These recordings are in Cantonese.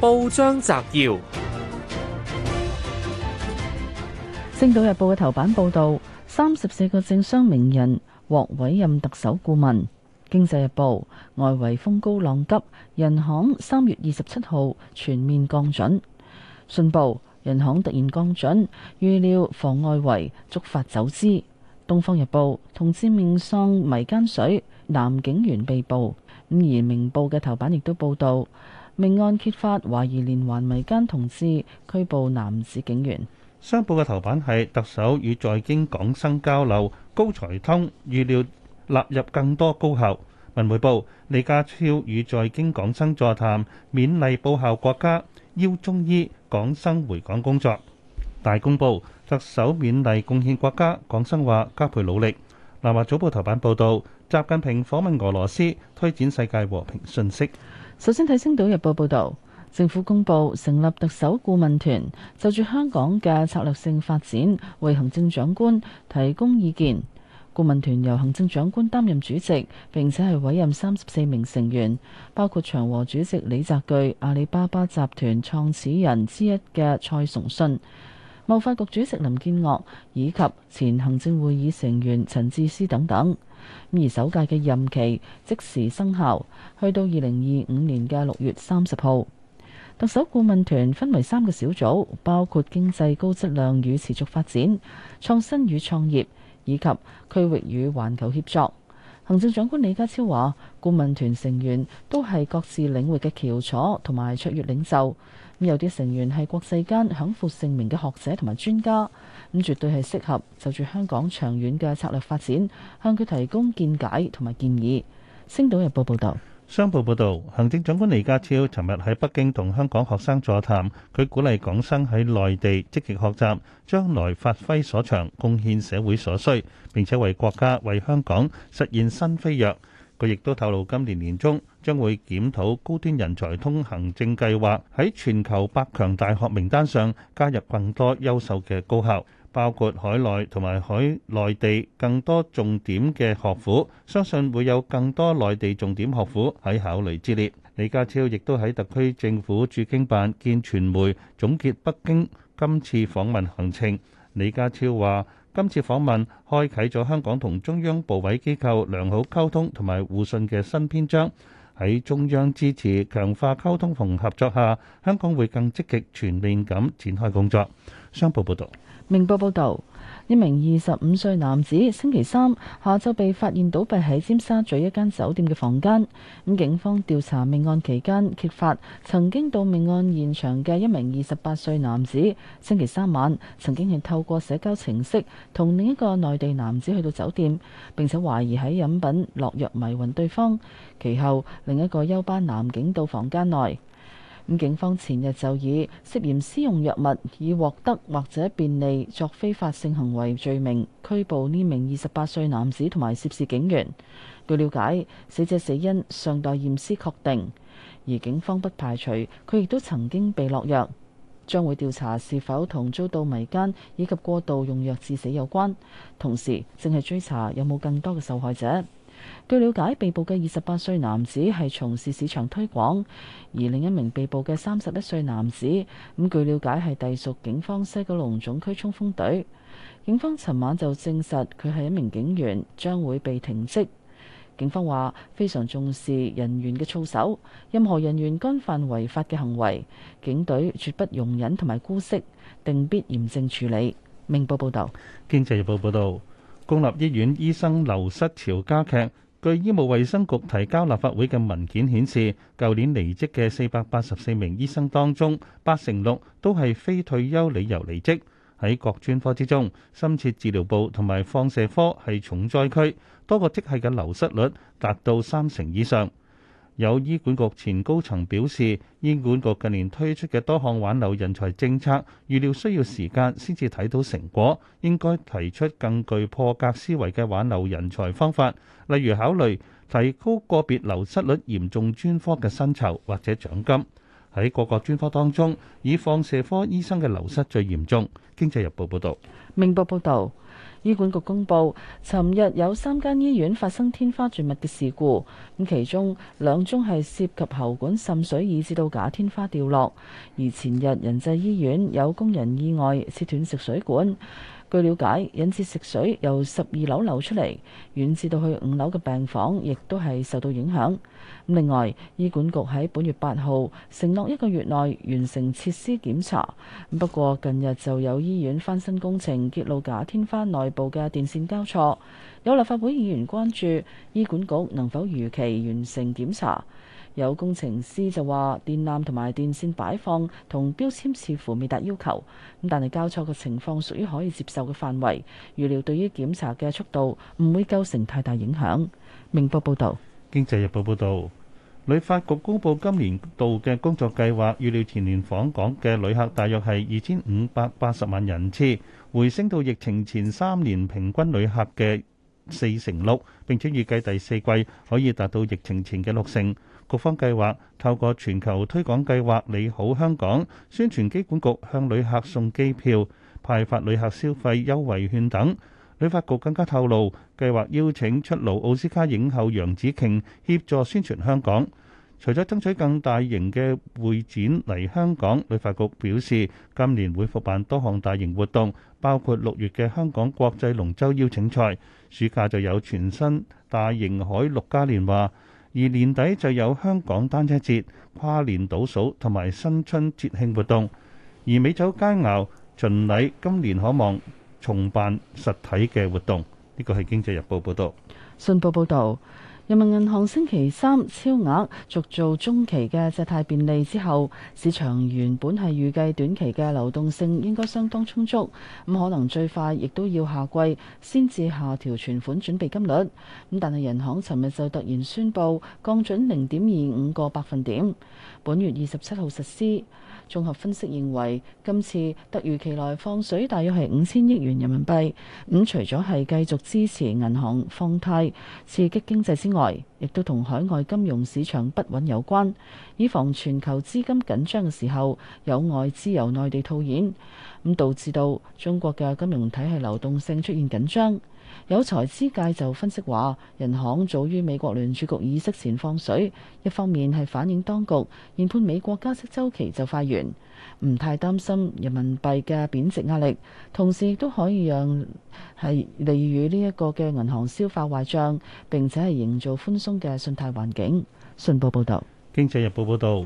報章摘要：《星島日報》嘅頭版報道，三十四個政商名人獲委任特首顧問。《經濟日報》外圍風高浪急，人行三月二十七號全面降準。《信報》人行突然降準，預料防外圍觸發走資。《東方日報》同志命喪迷奸水，男警員被捕。咁而《明報》嘅頭版亦都報道。命案揭發，懷疑連環迷奸同事，拘捕男子警員。商報嘅頭版係特首與在京港生交流，高才通預料納入更多高校。文匯報李家超與在京港生座談，勉勵報效國家，邀中醫港生回港工作。大公報特首勉勵貢獻國家，港生話加倍努力。南華早報頭版報導，習近平訪問俄羅斯，推展世界和平信息。首先睇《星島日報》報導，政府公布成立特首顧問團，就住香港嘅策略性發展為行政長官提供意見。顧問團由行政長官擔任主席，並且係委任三十四名成員，包括長和主席李澤鉅、阿里巴巴集團創始人之一嘅蔡崇信、貿發局主席林建岳以及前行政會議成員陳智思等等。而首屆嘅任期即時生效，去到二零二五年嘅六月三十號。特首顧問團分為三個小組，包括經濟高質量與持續發展、創新與創業，以及區域與環球協作。行政長官李家超話：顧問團成員都係各自領域嘅翹楚同埋卓越領袖。有啲成員係國際間享負盛名嘅學者同埋專家，咁絕對係適合就住香港長遠嘅策略發展，向佢提供見解同埋建議。星島日報報道：報「商報報道，行政長官李家超尋日喺北京同香港學生座談，佢鼓勵港生喺內地積極學習，將來發揮所長，貢獻社會所需，並且為國家、為香港實現新飛躍。佢亦都透露，今年年中將會檢討高端人才通行證計劃，喺全球百強大學名單上加入更多優秀嘅高校，包括海內同埋海內地更多重點嘅學府。相信會有更多內地重點學府喺考慮之列。李家超亦都喺特區政府駐京辦見傳媒總結北京今次訪問行程。李家超話。今次訪問開啓咗香港同中央部委機構良好溝通同埋互信嘅新篇章。喺中央支持、強化溝通同合作下，香港會更積極、全面咁展開工作。商報報道。明報報道。一名二十五歲男子星期三下晝被發現倒斃喺尖沙咀一間酒店嘅房間。咁警方調查命案期間揭發，曾經到命案現場嘅一名二十八歲男子，星期三晚曾經係透過社交程式同另一個內地男子去到酒店，並且懷疑喺飲品落藥迷暈對方。其後另一個休班男警到房間內。咁警方前日就以涉嫌私用藥物以獲得或者便利作非法性行為罪名拘捕呢名二十八歲男子同埋涉事警員。據了解，死者死因尚待驗屍確定，而警方不排除佢亦都曾經被落藥，將會調查是否同遭到迷奸以及過度用藥致死有關。同時，正係追查有冇更多嘅受害者。據了解，被捕嘅二十八歲男子係從事市場推廣，而另一名被捕嘅三十一歲男子，咁據了解係隸屬警方西九龍總區衝鋒隊。警方尋晚就證實佢係一名警員，將會被停職。警方話非常重視人員嘅操守，任何人員干犯違法嘅行為，警隊絕不容忍同埋姑息，定必嚴正處理。明報報道，經濟日報報道。公立醫院醫生流失潮加劇。據醫務衛生局提交立法會嘅文件顯示，舊年離職嘅四百八十四名醫生當中，八成六都係非退休理由離職。喺各專科之中，深切治療部同埋放射科係重災區，多個職系嘅流失率達到三成以上。有醫管局前高層表示，醫管局近年推出嘅多項挽留人才政策，預料需要時間先至睇到成果，應該提出更具破格思維嘅挽留人才方法，例如考慮提高個別流失率嚴重專科嘅薪酬或者獎金。喺各個專科當中，以放射科醫生嘅流失最嚴重。經濟日報報道，明報報道。醫管局公布，尋日有三間醫院發生天花墜物嘅事故，咁其中兩宗係涉及喉管滲水，以致到假天花掉落。而前日仁濟醫院有工人意外切斷食水管。據了解，引致食水由十二樓流出嚟，遠至到去五樓嘅病房亦都係受到影響。另外，醫管局喺本月八號承諾一個月內完成設施檢查，不過近日就有醫院翻新工程揭露假天花內部嘅電線交錯，有立法會議員關注醫管局能否如期完成檢查。有工程師就話電纜同埋電線擺放同標籤似乎未達要求，咁但係交錯嘅情況屬於可以接受嘅範圍。預料對於檢查嘅速度唔會構成太大影響。明報報道。《經濟日報》報道，旅發局公佈今年度嘅工作計劃，預料全年訪港嘅旅客大約係二千五百八十萬人次，回升到疫情前三年平均旅客嘅四成六，並且預計第四季可以達到疫情前嘅六成。局方計劃透過全球推廣計劃你好香港，宣傳機管局向旅客送機票、派發旅客消費優惠券等。旅發局更加透露，計劃邀請出爐奧斯卡影后楊紫瓊協助宣傳香港。除咗爭取更大型嘅會展嚟香港，旅發局表示今年會復辦多項大型活動，包括六月嘅香港國際龍舟邀請賽，暑假就有全新大型海陸嘉年華。而年底就有香港單車節、跨年倒數同埋新春節慶活動，而美酒佳餚巡禮今年可望重辦實體嘅活動。呢個係經濟日報報導，信報報導。人民銀行星期三超額續做中期嘅借貸便利之後，市場原本係預計短期嘅流動性應該相當充足，咁可能最快亦都要下季先至下調存款準備金率。咁但係人行尋日就突然宣布降準零點二五個百分點，本月二十七號實施。綜合分析認為，今次突如其來放水，大約係五千億元人民幣。咁、嗯、除咗係繼續支持銀行放貸、刺激經濟之外，亦都同海外金融市場不穩有關。以防全球資金緊張嘅時候，有外資由內地套現，咁、嗯、導致到中國嘅金融體系流動性出現緊張。有財資界就分析話，人行早於美國聯儲局議息前放水，一方面係反映當局研判美國加息周期就快完，唔太擔心人民幣嘅貶值壓力，同時亦都可以讓係利於呢一個嘅銀行消化壞帳，並且係營造寬鬆嘅信貸環境。信報報道，《經濟日報》報道，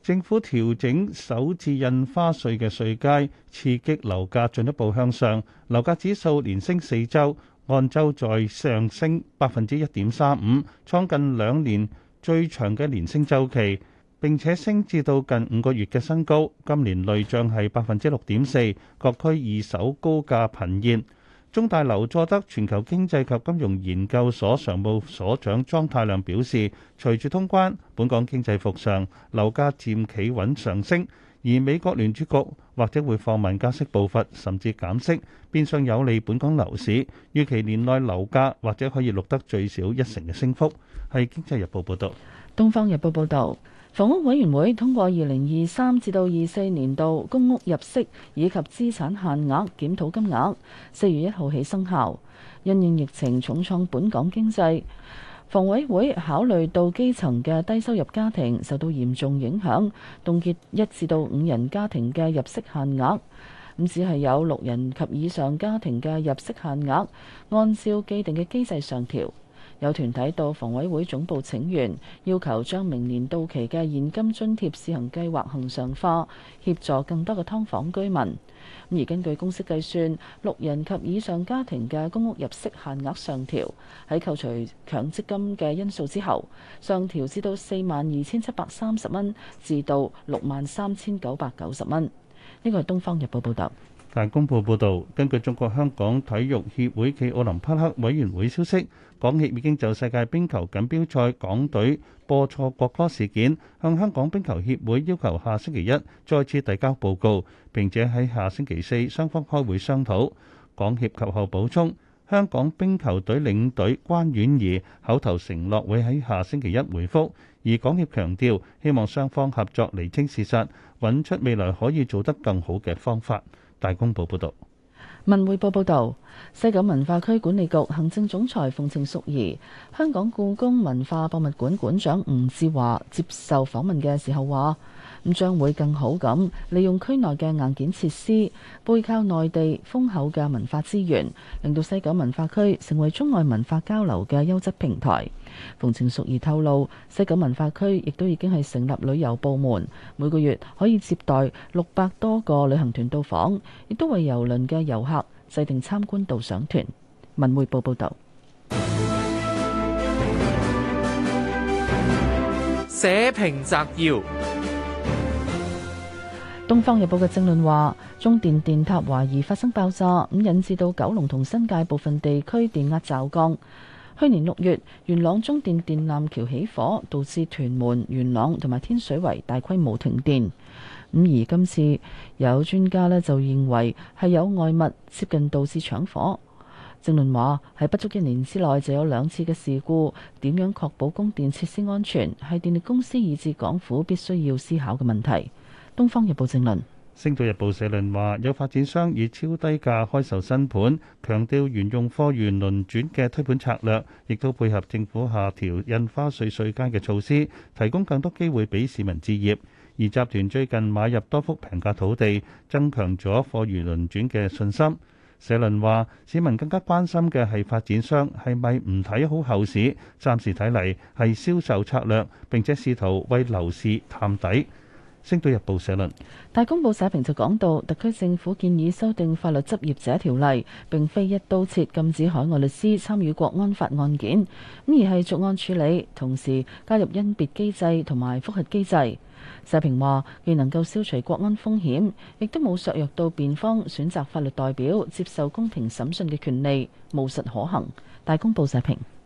政府調整首次印花稅嘅稅階，刺激樓價進一步向上，樓價指數連升四周。按週再上升百分之一點三五，創近兩年最長嘅連升週期，並且升至到近五個月嘅新高。今年累漲係百分之六點四，各區二手高價頻現。中大樓佐德全球經濟及金融研究所常務所長莊太量表示，隨住通關，本港經濟復常，樓價漸企穩上升。而美國聯儲局或者會放慢加息步伐，甚至減息，變相有利本港樓市。預期年內樓價或者可以錄得最少一成嘅升幅。係經濟日報報導，東方日報報導，房屋委員會通過二零二三至到二四年度公屋入息以及資產限額檢討金額，四月一號起生效。因應疫情重創本港經濟。房委會考慮到基層嘅低收入家庭受到嚴重影響，凍結一至到五人家庭嘅入息限額，咁只係有六人及以上家庭嘅入息限額，按照既定嘅機制上調。有團體到房委會總部請願，要求將明年到期嘅現金津貼試行計劃恆常化，協助更多嘅劏房居民。而根據公式計算，六人及以上家庭嘅公屋入息限額上調，喺扣除強積金嘅因素之後，上調至到四萬二千七百三十蚊至到六萬三千九百九十蚊。呢個係《東方日報》報道。大公報報道，根據中國香港體育協會暨奧林匹克委員會消息，港協已經就世界冰球錦標賽港隊播錯國歌事件，向香港冰球協會要求下星期一再次遞交報告，並且喺下星期四雙方開會商討。港協及後補充，香港冰球隊領隊關婉怡口頭承諾會喺下星期一回覆。而港協強調希望雙方合作釐清事實，揾出未來可以做得更好嘅方法。大公報報道，文匯報報道，西九文化區管理局行政總裁馮程淑儀、香港故宮文化博物館館長吳志華接受訪問嘅時候話。咁將會更好咁，利用區內嘅硬件設施，背靠內地豐厚嘅文化資源，令到西九文化區成為中外文化交流嘅優質平台。馮程淑儀透露，西九文化區亦都已經係成立旅遊部門，每個月可以接待六百多個旅行團到訪，亦都為郵輪嘅遊客制定參觀導賞團。文匯報報道：社評摘要。《東方日報》嘅正論話，中電電塔懷疑發生爆炸，咁引致到九龍同新界部分地區電壓驟降。去年六月，元朗中電電纜橋起火，導致屯門、元朗同埋天水圍大規模停電。咁而今次有專家咧就認為係有外物接近導致搶火。正論話，喺不足一年之內就有兩次嘅事故，點樣確保供電設施安全，係電力公司以至港府必須要思考嘅問題。《東方日報》正論，《星島日報》社論話：有發展商以超低價開售新盤，強調沿用貨源輪轉嘅推盤策略，亦都配合政府下調印花稅稅階嘅措施，提供更多機會俾市民置業。而集團最近買入多幅平價土地，增強咗貨源輪轉嘅信心。社論話：市民更加關心嘅係發展商係咪唔睇好後市，暫時睇嚟係銷售策略，並且試圖為樓市探底。《星島日報》社論，大公報社評就講到，特區政府建議修訂法律執業者條例，並非一刀切禁止海外律師參與國安法案件，咁而係逐案處理，同時加入甄別機制同埋複核機制。社評話，既能夠消除國安風險，亦都冇削弱到辯方選擇法律代表、接受公平審訊嘅權利，務實可行。大公報社評。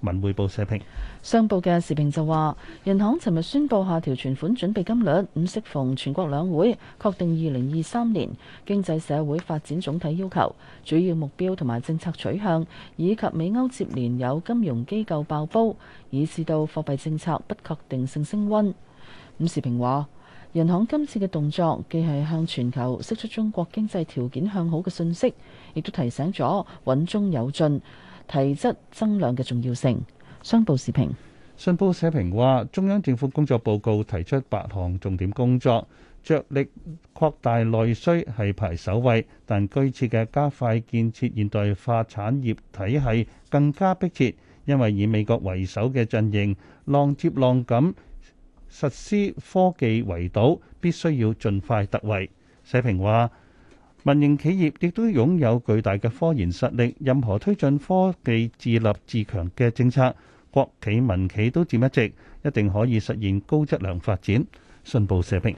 文匯報社評，商報嘅時評就話，人行尋日宣布下調存款準備金率，咁適逢全國兩會，確定二零二三年經濟社會發展總體要求、主要目標同埋政策取向，以及美歐接連有金融機構爆煲，以致到貨幣政策不確定性升溫。咁時評話，人行今次嘅動作既係向全球釋出中國經濟條件向好嘅信息，亦都提醒咗穩中有進。提質增量嘅重要性。商報時評。信報社評話，中央政府工作報告提出八項重點工作，着力擴大內需係排首位，但據設嘅加快建設現代化產業體系更加迫切，因為以美國為首嘅陣營浪接浪咁實施科技圍堵，必須要盡快突圍。社評話。民營企業亦都擁有巨大嘅科研實力，任何推進科技自立自強嘅政策，國企民企都佔一席，一定可以實現高質量發展。信報社評。